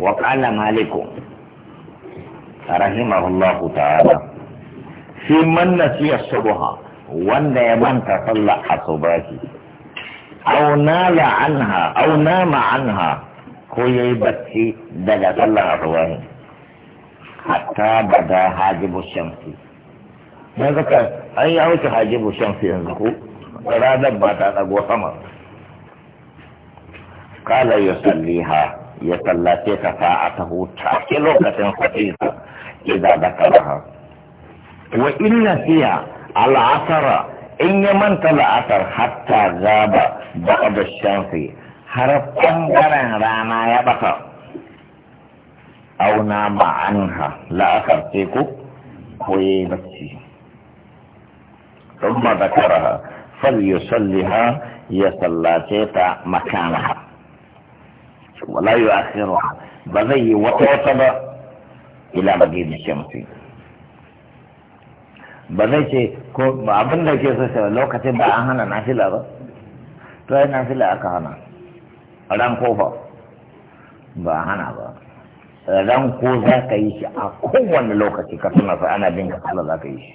وقال مالك رحمه الله تعالى في من نسي الصبح وان يمن تصلى الصباح او نال عنها او نام عنها كوي بكي دجا صلى الصباح حتى بدا حاجب الشمس ماذا كان اي اوت حاجب الشمس ينزكو ranar ba ta ɗago sama قال يصليها يصلى تلك ساعته تاكلوا كتن خطيئه اذا ذكرها وان فيها العصر ان من تلا عصر حتى غاب بعد الشمس هربتم غرن رانا يبقى او نام عنها لا اخر تيكو كوي بكي ثم ذكرها فليصليها يصلى تيتا مكانها wala yi akhiru ba zai yi wata wata ba ila magidin shamsi ba zai ce ko ba abin da ke so ce lokacin ba an hana nafila ba to ai nafila aka hana ran kofa ba hana ba ran ko za ka yi shi a kowane lokaci ka tuna sa ana bin ka za ka yi shi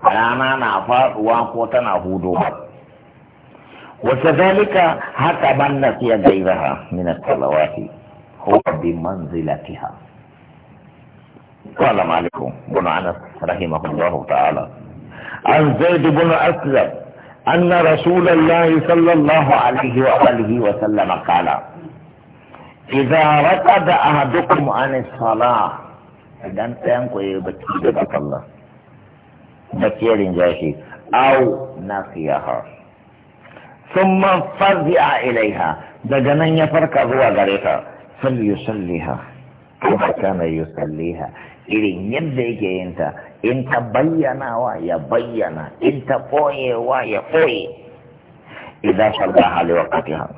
rana na faduwa ko tana hudu ba وكذلك حتى من في غيرها من الصلوات هو بمنزلتها قال مالك بن انس رحمه الله تعالى عن زيد بن اسلم ان رسول الله صلى الله عليه واله وسلم قال اذا ركض احدكم عن الصلاه اذا تنكو يبكي بك الله بكي رنجاشي او نسيها sun man farzi a ilaiha daga nan ya farka zuwa gare ta na kuma salli ha, irin yadda yake yin ta in ta bayyana wa ya bayyana in ta koye wa ya koye idza shalla hali waqtiha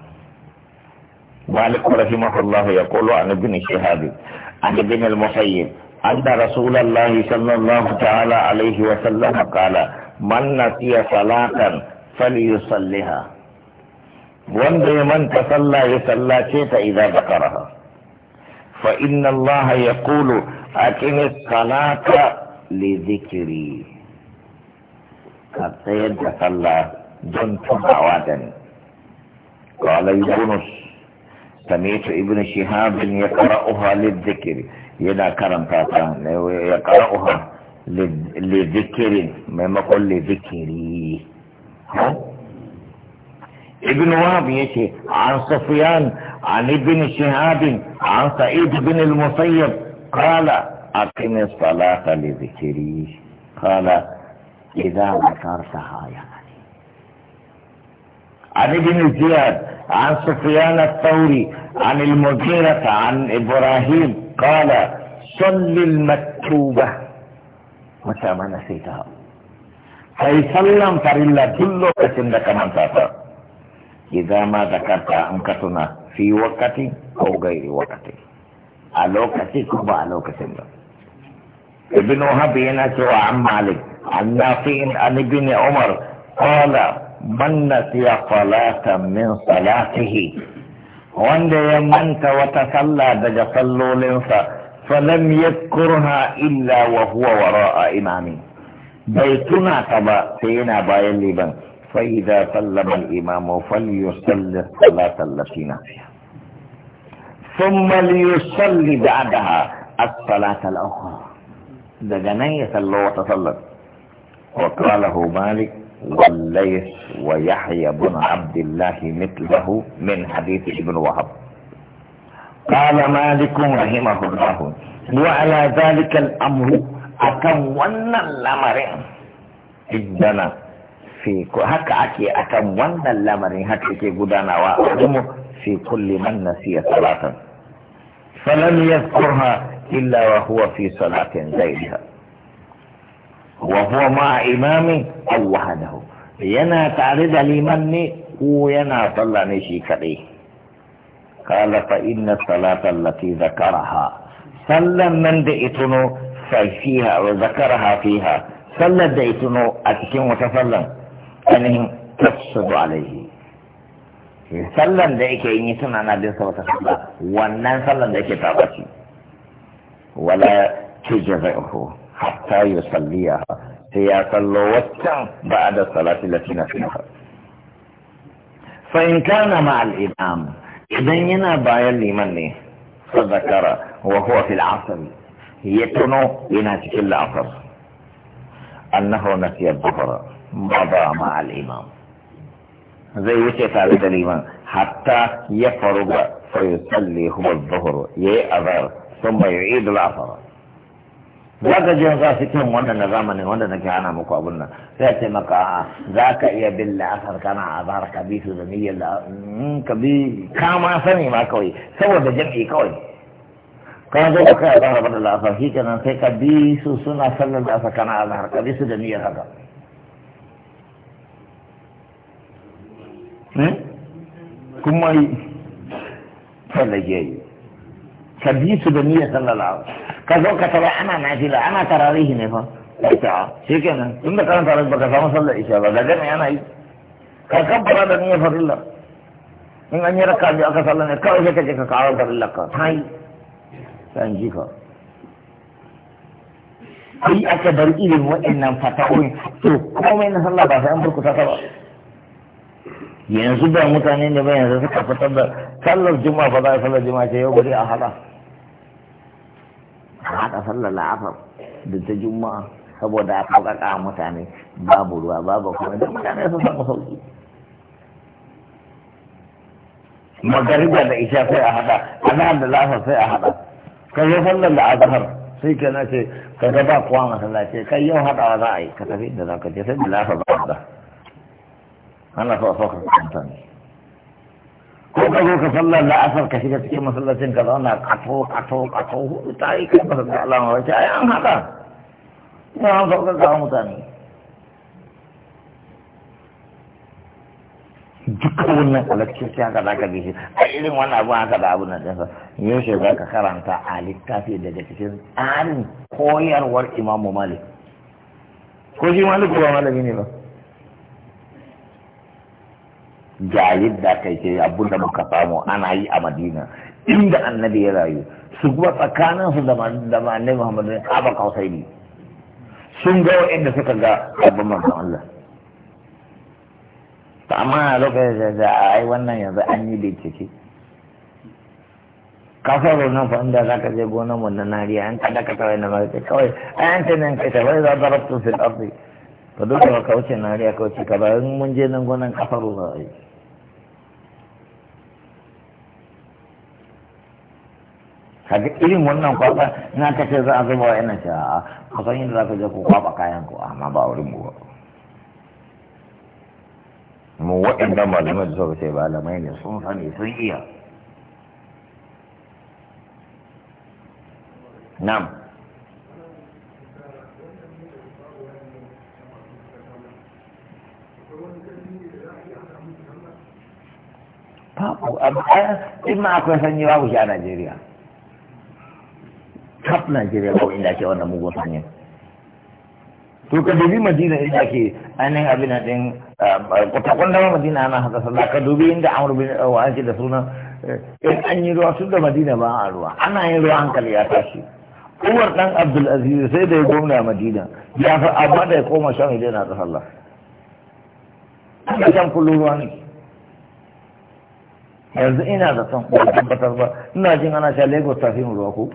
مالك رحمه الله يقول عن ابن شهاب عن ابن المسيب أن رسول الله صلى الله تعالى عليه وسلم قال من نسي صلاة فليصليها wanda ya manta sallah ya sallace ta idan zakaraha fa inna Allah ya kulu a salata li zikiri ka tsayar da sallah don tunawa da ni قال يونس سمعت ابن شهاب يقرأها للذكر يدا كرم تاتا يقرأها للذكر ما يقول لذكري ها ابن وهب يشي عن صفيان عن ابن شهاب عن سعيد بن المصيب قال أقم الصلاة لذكري قال إذا ذكرتها يعني عن ابن زياد عن سفيان الثوري عن المغيرة عن إبراهيم قال صل المكتوبة متى ما نسيتها فيسلم فرلا كل لوكة من تاتا إذا ما ذكرت أنكتنا في وقت أو غير وقت ألوكتي كما ألوكتي ابن وهب ينسوا عن مالك عن نافع عن ابن عمر قال من نسي صلاة من صلاته وأن يمنت وتصلى دج صلولنسا فلم يذكرها إلا وهو وراء إمامه بيتنا تبا سينا باين لبن فإذا سلم الإمام فليصلي الصلاة التي نسيها ثم ليصلي بعدها الصلاة الأخرى ده جنية الله وتصلت وقاله مالك والليث ويحيى بن عبد الله مثله من حديث ابن وهب قال مالك رحمه الله وعلى ذلك الأمر أكون لمرين عندنا fi haka ake akan wannan lamarin haka ke gudanawa a kuma fi kulli man nasiya salatan falam yadhkurha illa wa huwa fi salatin ghayriha wa huwa ma'a imami aw wahdahu yana tare da liman ne ko yana sallah ne shi kadai qala fa inna salata allati dhakaraha sallan nan da ituno fa fiha wa dhakaraha fiha sallar da ituno a cikin wata sallan ainihin tafsir alaihi sallan da yake yi suna na bin sa wata sallah wannan sallan da yake taba shi wala tujza'uhu hatta yusalliya sai ya sallo waccan ba'da salati lati na fiha fa in kana ma'al imam idan yana bayan liman ne sadakara zakara wa huwa fil asr ya tuno yana cikin la'asar انه نسي الظهر مضى مع الامام زي وشي ثالث الامام حتى يفرغ فيصلي هو الظهر يي اذر ثم يعيد العصر ذاك جن ذاتكم وانا نظاما وانا نكعنا مقابلنا ذاك مقاعة ذاك يا بالعصر كان عذار كبير ذنية كبير كاما سني ما كوي سوى بجمعي كوي ka zo ka yi zahar da la'asar shi kenan sai ka bi su suna sallar da asar kana azahar ka bi su da niyyar haka hmm? kuma yi tsallake yi ka bi su da niyyar sallar la'asar ka zo ka tara ana nafila ana tararihi ne fa ita shi kenan tun da kana rasu baka samu sallar isha ba da gani ana yi ka kabbara da niyyar farilla in an yi raka biyu aka sallar ne kawai sai ka je ka kawo farilla ka ta yi sai an jifa sai aka bar irin waɗannan fata'o'in to komai na sallah ba sai an burkuta ta ba yanzu ba mutane ne ba yanzu suka fitar da sallar juma'a ba za a sallar juma'a ce yau bari a haɗa a haɗa sallar la'afar da ta juma'a saboda a sauƙaƙa mutane babu ruwa babu kuma da mutane sun samu sauƙi magariba da isha sai a haɗa a da la'afar sai a haɗa ka zo sallar da azhar sai ke na ce ka ga ba kowa masallaci kai yau haɗawa za a yi ka tafi inda za ka je sai da lafa ba da ana so a so ka kanta ne ko ka zo ka sallar da asar ka shiga cikin masallacin ka zauna kato kato kato hudu ta yi kai masallacin alama wace ai an haɗa ina an sauƙaƙa mutane duka wannan kwalakcin sai haka za ka bi shi a irin wannan abu haka da abu na ɗinsa yaushe za ka karanta a littafi daga cikin tsarin koyarwar imamu malik ko shi malik ba malami ne ba ga yadda kai ce abun da muka samu ana yi a madina inda annabi ya rayu su kuma tsakaninsu da annabi muhammadu ne kaba kausai ne sun ga waɗanda suka ga abin manzon allah to amma a lokacin da yi wannan yanzu an yi bincike kasar nan fa inda zaka je gonar mu na nari an kada ka kawai na mai kawai an ta nan kai bai za darabtu fil ardi to duk da ka wuce nariya ka wuce ka bayan mun je nan gonar kasar za a yi kaga irin wannan kwaba na ta ce za a zuba wa yana ce a kusan yin za ka je ku kwaba kayan ku amma ba wurin mu ba mu waɗanda malamai da suka ce malamai ne sun sani sun iya nam babu abu in ma akwai sanyi babu shi a najeriya kaf najeriya ko inda ke wannan mugun sanyi to ka dubi madina inda ake ainihin abin din kwatakwan dama madina ana haka sallah ka dubi inda amur bin wa ake da suna eh, in an yi ruwa su da madina ba a ruwa ana yin ruwa hankali ya tashi umar dan abdul aziz sai da ya gwamna madina ya fi amma da ya koma shan idan na ta sallah ana shan kullum ruwa ne yanzu ina da son ba tabbatar ba ina jin ana sha lagos mu ruwa ko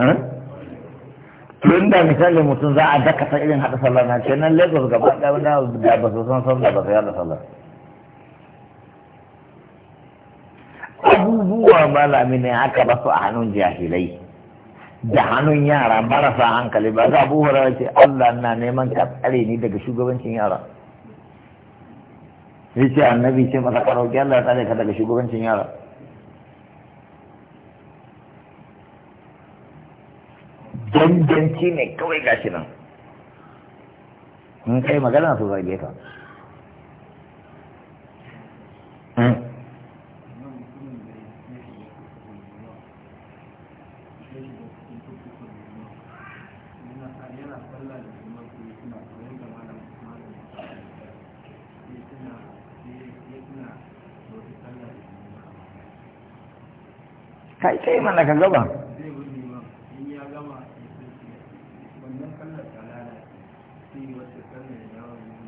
eh? don da misalin mutum za a dakata irin haɗa sallar na kenan lagos gaba ɗaya da ba su san sallar ba su yada sallar abubuwa malami ne aka basu a hannun jahilai da hannun yara marasa hankali ba za abu hura ce Allah na neman ka tsare ni daga shugabancin yara sai ce annabi ce masa karauki Allah ya tsare ka daga shugabancin yara danganci ne kawai gashi nan in kai magana su zage ka hmm. kai sai mana ka gaba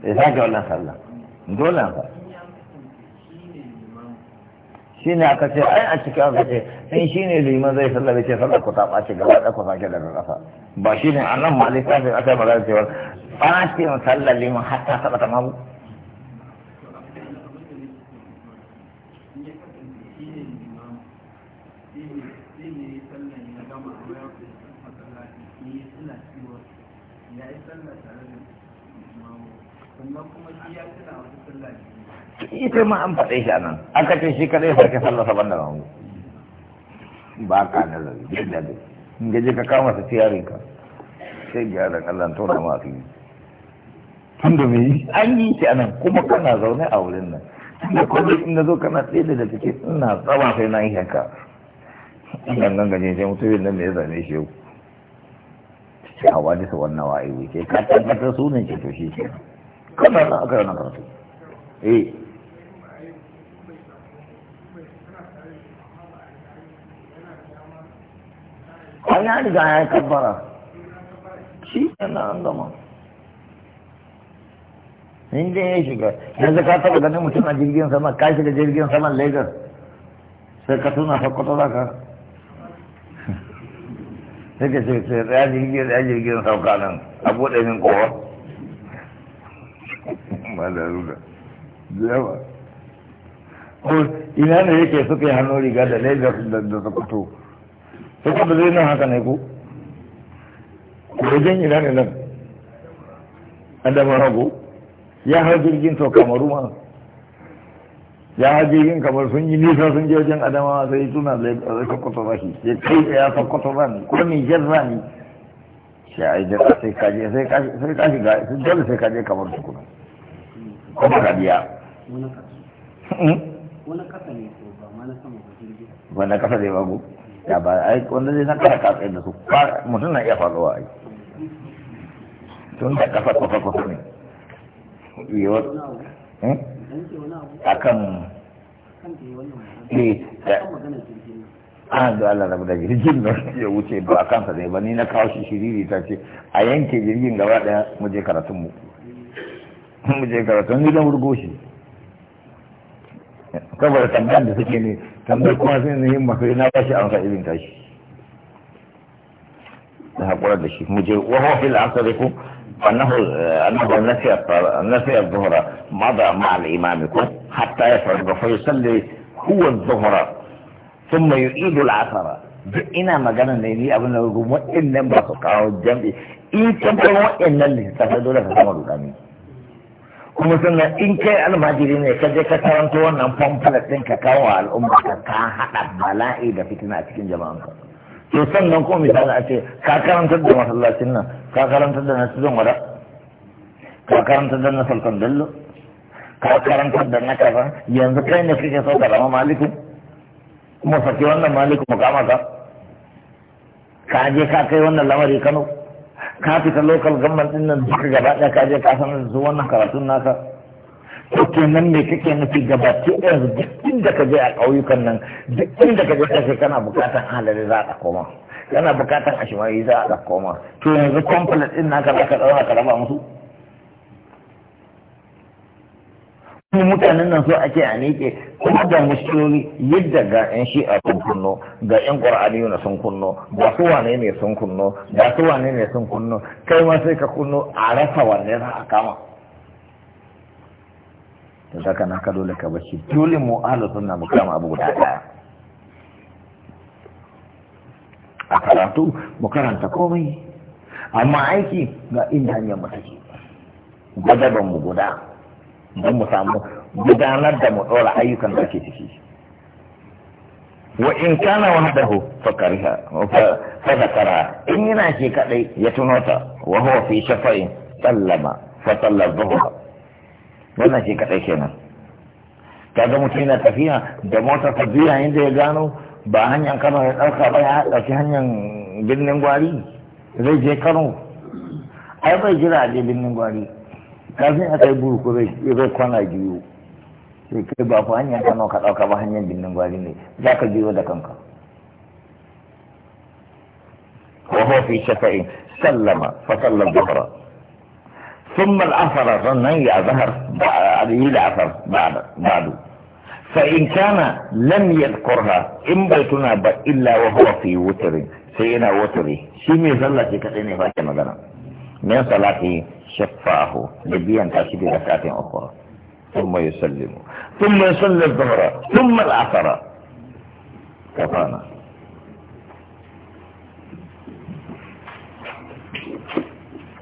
ya sake wannan sallah dole fa shi ne aka ce ai a cikin aka ce in shi ne liman zai sallah bai ce sallah ku ta ɓaci gaba ɗaya ku sake daga ƙasa ba shi ne a nan ta littafin aka yi magana cewa ɓacin sallah liman har ta taɓa ta mamu ita ma an faɗe eh, shi a nan aka ce shi kaɗai sarki sallah saban da mamu ba ka na zari duk da duk in gaje ka kama su tiyarin ka sai gyaran allah to da masu yi tun da mai an yi shi a nan kuma kana zaune a wurin nan da kullum in na zo kana tsaye da take ina tsaba sai na yi haka nan gaje sai mutumin nan da ya zame shi yau sai a su wannan wa'ayi wuce ka tabbatar sunan ce to shi ke. kana na aka yana karatu eh an ya riga ya yi kabbara shi yana an gama in dai ya shiga yanzu ka taba ganin mutum a jirgin sama ka shiga jirgin sama lagos sai ka tuna sakkwato za ka sai ka ce sai ya jirgin sauka nan a buɗe min kowa malaruna yawa ko ina ne yake suka yi hannu riga da lagos da sokoto sokoto zai nan haka ne ko wajen ina ne nan adama rago ya hau jirgin to kamaru ma ya hau jirgin kamar sun yi nisa sun je wajen adama sai tuna zai sokoto ba shi ya kai ya sokoto ba ne ko nijar ba ne shi a da jira sai kaje sai kashi ga dole sai kaje kamar su kuma kuma ka biya kasa hmm? ya ba ai wanda zai san kasa da su mutum na iya faruwa ai tun da kasa kwafa kwafa ne ne hmm? an eh, Allah rabu da jirgin da ya wuce ba a kansa ba ni na kawo shi shiriri ta ce a yanke jirgin gaba daya mu je mu mu je karatu ni dan wurgo shi saboda tambayar da suke ne tambayar kuma sai ne himma sai na bashi an sa irin tashi da hakura da shi mu je wa huwa fil asr ku annahu annahu nafi nafi adh-dhuhra madha ma'a al-imam ku hatta yafrad fa yusalli huwa adh-dhuhra thumma yu'idu al-asr duk ina magana ne ni abin da gumo in nan ba su kawo jam'i in kan waɗannan littattafai dole ka kama rudani kuma sannan in kai almajiri ne ka je ka karanto wannan pamphlet din ka kawo al'umma ka ka haɗa bala'i da fitina a cikin jama'an ka to sannan kuma misali a ce ka karantar da masallacin nan ka karantar da na tudun wada ka karantar da na sultan dallo ka karantar da na kaza yanzu kai ne kake so ka zama malikin kuma saki wannan malikin mu kama ka ka je ka kai wannan lamari kano ka fita lokal government din nan duka gaba ɗaya ka je ka san su wannan karatun naka to kenan me kake nufi gaba ke yanzu duk inda ka je a ƙauyukan nan duk inda ka je kana buƙatar halali za a koma kana buƙatar ashimayi za a ɗauko ma to yanzu complete din naka za ka ɗaura ka raba musu mutanen nan so ake a nike kuma da mushkiloli yadda ga yan shi'a sun kunno ga yan qur'ani na sun kunno ga su wane ne sun kunno ga su wane ne sun kunno kai ma sai ka kunno a rasa wanne za a kama Da zaka na ka dole ka bashi dole mu ahlus sunna mu kama abu guda daya a karatu mu karanta komai amma aiki ga inda hanyar mu gwada ban mu guda don mu samu gudanar da mu ɗora ayyukan da ake ciki wa in kana wahdahu fakariha fa zakara in yana shi kadai ya tuno ta wa huwa fi shafa'in sallama fa salla dhuhra wannan shi kadai kenan kaga mutum yana tafiya da motar tafiya inda ya gano ba hanyar kano ya ɗauka ba ya ɗauki hanyar birnin gwari zai je kano ai bai jira a je birnin gwari kafin aka yi buru ko zai kwana biyu sai kai ba ku hanyar kano ka ɗauka ba hanyar binnin gwari ne za ka biyo da kanka وهو في شفعه سلم فصلى الظهر ثم الاثر ظنا يا ba عليه Fa in kana فان كان لم يذكرها ان بيتنا الا وهو في وتر سينا وتري شيء صلى كده ne fa magana min salati shafahu da biyan tashi da zakatin ukhra thumma yusallimu thumma yusalli adh-dhuhra kafana